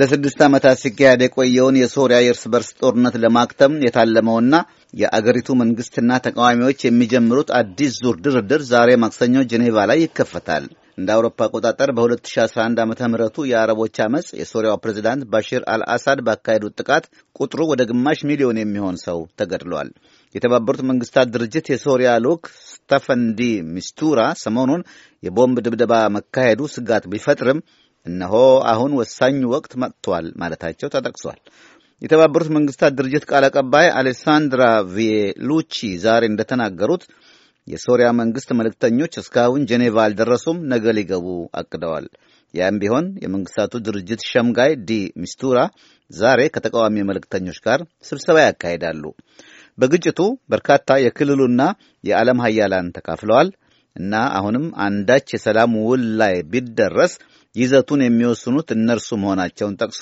ለስድስት ዓመታት ሲካሄድ የቆየውን የሶሪያ የእርስ በርስ ጦርነት ለማክተም የታለመውና የአገሪቱ መንግስትና ተቃዋሚዎች የሚጀምሩት አዲስ ዙር ድርድር ዛሬ ማክሰኞ ጄኔቫ ላይ ይከፈታል። እንደ አውሮፓ አቆጣጠር በ2011 ዓ ምቱ የአረቦች ዓመፅ የሶሪያው ፕሬዚዳንት ባሽር አልአሳድ ባካሄዱት ጥቃት ቁጥሩ ወደ ግማሽ ሚሊዮን የሚሆን ሰው ተገድሏል። የተባበሩት መንግስታት ድርጅት የሶሪያ ልዑክ ስተፈንዲ ሚስቱራ ሰሞኑን የቦምብ ድብደባ መካሄዱ ስጋት ቢፈጥርም እነሆ አሁን ወሳኝ ወቅት መጥቷል ማለታቸው ተጠቅሷል። የተባበሩት መንግስታት ድርጅት ቃል አቀባይ አሌሳንድራ ቪሉቺ ዛሬ እንደተናገሩት የሶሪያ መንግስት መልእክተኞች እስካሁን ጄኔቫ አልደረሱም፣ ነገ ሊገቡ አቅደዋል። ያም ቢሆን የመንግስታቱ ድርጅት ሸምጋይ ዲ ሚስቱራ ዛሬ ከተቃዋሚ መልእክተኞች ጋር ስብሰባ ያካሂዳሉ። በግጭቱ በርካታ የክልሉና የዓለም ሀያላን ተካፍለዋል እና አሁንም አንዳች የሰላም ውል ላይ ቢደረስ ይዘቱን የሚወስኑት እነርሱ መሆናቸውን ጠቅሶ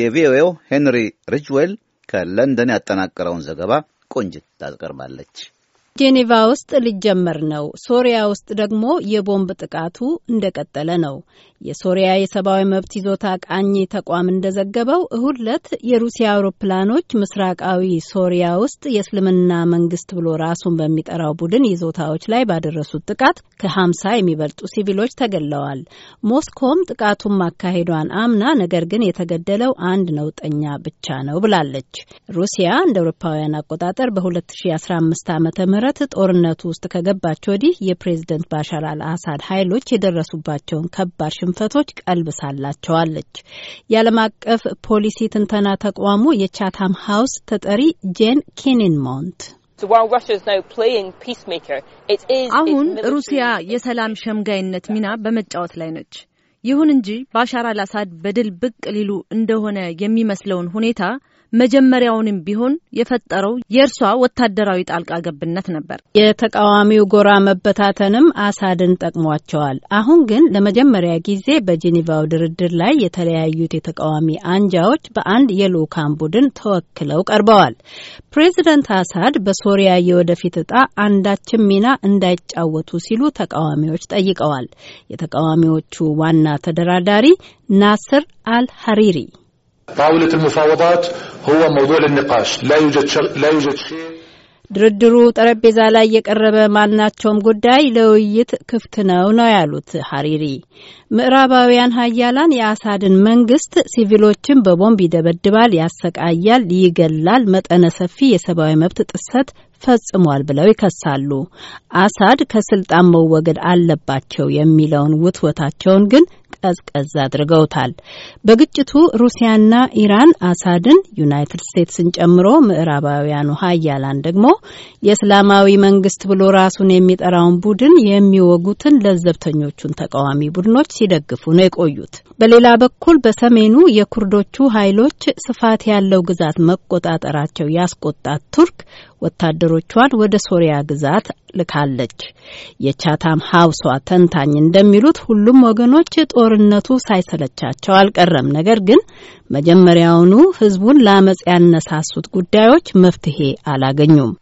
የቪኦኤው ሄንሪ ሪጅዌል ከለንደን ያጠናቀረውን ዘገባ ቆንጅት ታቀርባለች። ጄኔቫ ውስጥ ሊጀመር ነው። ሶሪያ ውስጥ ደግሞ የቦምብ ጥቃቱ እንደቀጠለ ነው። የሶሪያ የሰብአዊ መብት ይዞታ ቃኝ ተቋም እንደዘገበው እሁድ ዕለት የሩሲያ አውሮፕላኖች ምስራቃዊ ሶሪያ ውስጥ የእስልምና መንግስት ብሎ ራሱን በሚጠራው ቡድን ይዞታዎች ላይ ባደረሱት ጥቃት ከሀምሳ የሚበልጡ ሲቪሎች ተገድለዋል። ሞስኮም ጥቃቱን ማካሄዷን አምና ነገር ግን የተገደለው አንድ ነውጠኛ ብቻ ነው ብላለች። ሩሲያ እንደ አውሮፓውያን አቆጣጠር በ2015 ዓ ም ጦርነቱ ውስጥ ከገባች ወዲህ የፕሬዝደንት ባሻር አልአሳድ ኃይሎች የደረሱባቸውን ከባድ ሽንፈቶች ቀልብሳላቸዋለች። የዓለም አቀፍ ፖሊሲ ትንተና ተቋሙ የቻታም ሀውስ ተጠሪ ጄን ኬኒንሞንት አሁን ሩሲያ የሰላም ሸምጋይነት ሚና በመጫወት ላይ ነች። ይሁን እንጂ ባሻር አልአሳድ በድል ብቅ ሊሉ እንደሆነ የሚመስለውን ሁኔታ መጀመሪያውንም ቢሆን የፈጠረው የእርሷ ወታደራዊ ጣልቃ ገብነት ነበር። የተቃዋሚው ጎራ መበታተንም አሳድን ጠቅሟቸዋል። አሁን ግን ለመጀመሪያ ጊዜ በጄኔቫው ድርድር ላይ የተለያዩት የተቃዋሚ አንጃዎች በአንድ የልኡካን ቡድን ተወክለው ቀርበዋል። ፕሬዚደንት አሳድ በሶሪያ የወደፊት እጣ አንዳችም ሚና እንዳይጫወቱ ሲሉ ተቃዋሚዎች ጠይቀዋል። የተቃዋሚዎቹ ዋና ተደራዳሪ ናስር አል ሐሪሪ መውዱዕ ላ ድርድሩ ጠረጴዛ ላይ የቀረበ ማናቸውም ጉዳይ ለውይይት ክፍት ነው ነው ያሉት ሐሪሪ። ምዕራባውያን ሀያላን የአሳድን መንግስት ሲቪሎችን በቦምብ ይደበድባል፣ ያሰቃያል፣ ይገላል፣ መጠነ ሰፊ የሰብአዊ መብት ጥሰት ፈጽሟል ብለው ይከሳሉ። አሳድ ከስልጣን መወገድ አለባቸው የሚለውን ውትወታቸውን ግን ቀዝቀዝ አድርገውታል። በግጭቱ ሩሲያና ኢራን አሳድን፣ ዩናይትድ ስቴትስን ጨምሮ ምዕራባውያኑ ሀያላን ደግሞ የእስላማዊ መንግስት ብሎ ራሱን የሚጠራውን ቡድን የሚወጉትን ለዘብተኞቹን ተቃዋሚ ቡድኖች ሲደግፉ ነው የቆዩት። በሌላ በኩል በሰሜኑ የኩርዶቹ ኃይሎች ስፋት ያለው ግዛት መቆጣጠራቸው ያስቆጣት ቱርክ ወታደሮቿን ወደ ሶሪያ ግዛት ልካለች። የቻታም ሀውሷ ተንታኝ እንደሚሉት ሁሉም ወገኖች ጦርነቱ ሳይሰለቻቸው አልቀረም። ነገር ግን መጀመሪያውኑ ህዝቡን ለአመፅ ያነሳሱት ጉዳዮች መፍትሄ አላገኙም።